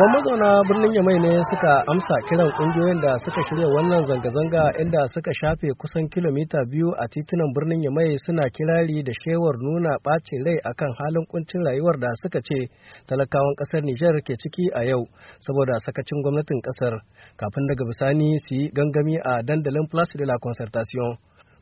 Dubban mazauna birnin Yamai ne suka amsa kiran ƙungiyoyin da suka shirya wannan zanga-zanga inda suka shafe kusan kilomita biyu a titunan birnin Yamai suna kirari da shewar nuna ɓacin rai akan halin kuncin rayuwar da suka ce talakawan ƙasar Nijar ke ciki a yau saboda sakacin gwamnatin ƙasar kafin daga bisani su yi gangami a dandalin Place de la Concertation.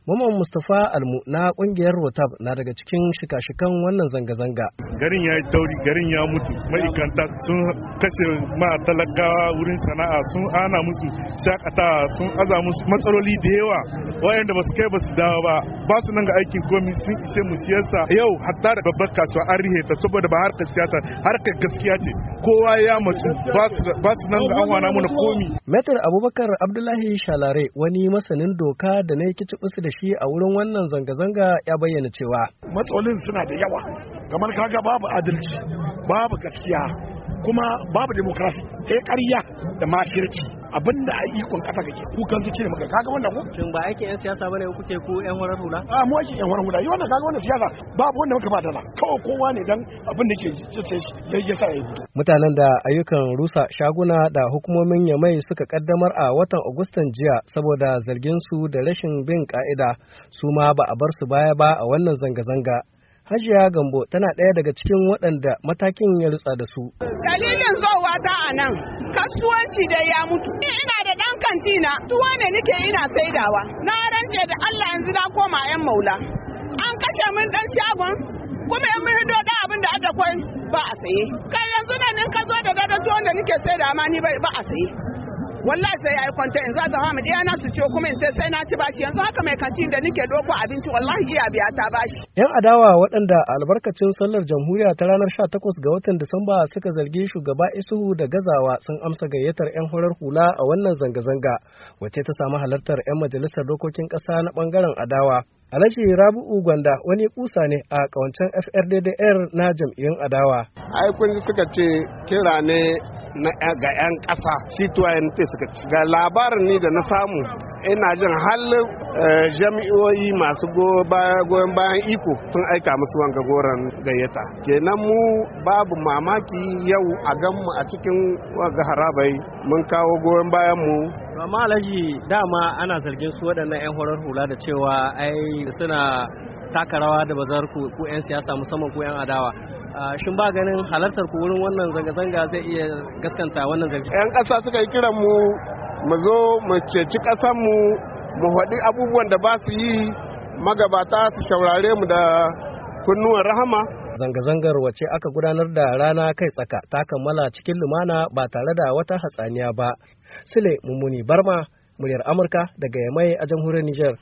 Maman Mustapha Almu na kungiyar Rotab na daga cikin shika-shikan wannan zanga-zanga. Garin ya yi tauri, garin ya mutu, ma'aikanta sun kashe ma talakawa wurin sana'a sun ana musu shakatawa sun aza musu matsaloli da yawa Wayan da basu kai basu dawa ba ba su nan ga aikin komi sun ishe mu siyasa yau hatta da babbar kasuwa an rihe ta saboda ba harkar siyasa harkar gaskiya ce kowa ya matsu ba su nan ga an wana mana komi. Metar Abubakar Abdullahi Shalare wani masanin doka da na yi kici da shi a wurin wannan zanga-zanga ya bayyana cewa matsalolin suna da yawa kamar kaga babu adalci babu gaskiya kuma babu demokrasi sai ƙarya da makirci abinda a ikon kasa kake ku kan su cire maka kaga wannan ko shin ba aiki yan siyasa bane kuke ku yan warar hula a mu aiki yan warar hula yi wannan kaga wannan siyasa babu wanda muka ba na kawai kowa ne dan abin da ke sai ya sa ya mutanen da ayyukan rusa shaguna da hukumomin yamai suka kaddamar a watan agustan jiya saboda zargin su da rashin bin ka'ida su ma ba a bar su baya ba a wannan zanga-zanga Hajiya Gambo tana ɗaya daga cikin waɗanda matakin ya rutsa da su. Dalilin zowa ta a nan kasuwanci da ya mutu ni ina da ɗan kantina tuwa ne nike ina saidawa na rance da Allah yanzu na koma yan maula an kashe min ɗan shagon kuma in mun hido da abin da ba a saye kai yanzu nan in ka zo da tuwon da nike saida ma ni ba a saye wallahi sai ya kwanta in za ta hama ɗaya na su ciyo kuma in sai na ci bashi yanzu haka mai kanti da nike doko abinci wallahi iya biya ta bashi. Yan adawa waɗanda albarkacin sallar jamhuriya ta ranar 18 ga watan Disamba suka zargi shugaba Isuhu da gazawa sun amsa gayyatar 'yan horar hula a wannan zanga-zanga wacce ta samu halartar 'yan majalisar dokokin ƙasa na ɓangaren adawa. Alhaji Rabi'u Gwanda wani kusa ne a kawancen FRDDR na jam'iyyun adawa. Ai suka ce kira ne Eh, ga 'yan ƙasa shi te suka ci ga labarin ni da na samu ina jin halin eh, jami'oyi masu goyon bayan iko sun aika musu wanga goron gayyata kenan mu babu mamaki yau a ganmu a cikin wanga harabai mun kawo goyon bayan mu amma alhaji dama ana zargin su waɗannan 'yan horar hula da cewa ai suna taka rawa da bazar ku 'yan siyasa musamman ku 'yan adawa shin ba ganin halartar ku wurin wannan zanga-zanga zai iya gaskanta wannan zargi yan ƙasa suka yi kiran mu mu zo mu ceci ƙasar mu mu faɗi abubuwan da ba su yi magabata su shaurare mu da kunnuwar rahama zanga-zangar wace aka gudanar da rana kai tsaka ta kammala cikin lumana ba tare da wata hatsaniya ba sule mummuni barma muryar amurka daga yamai a jamhuriyar Nijar.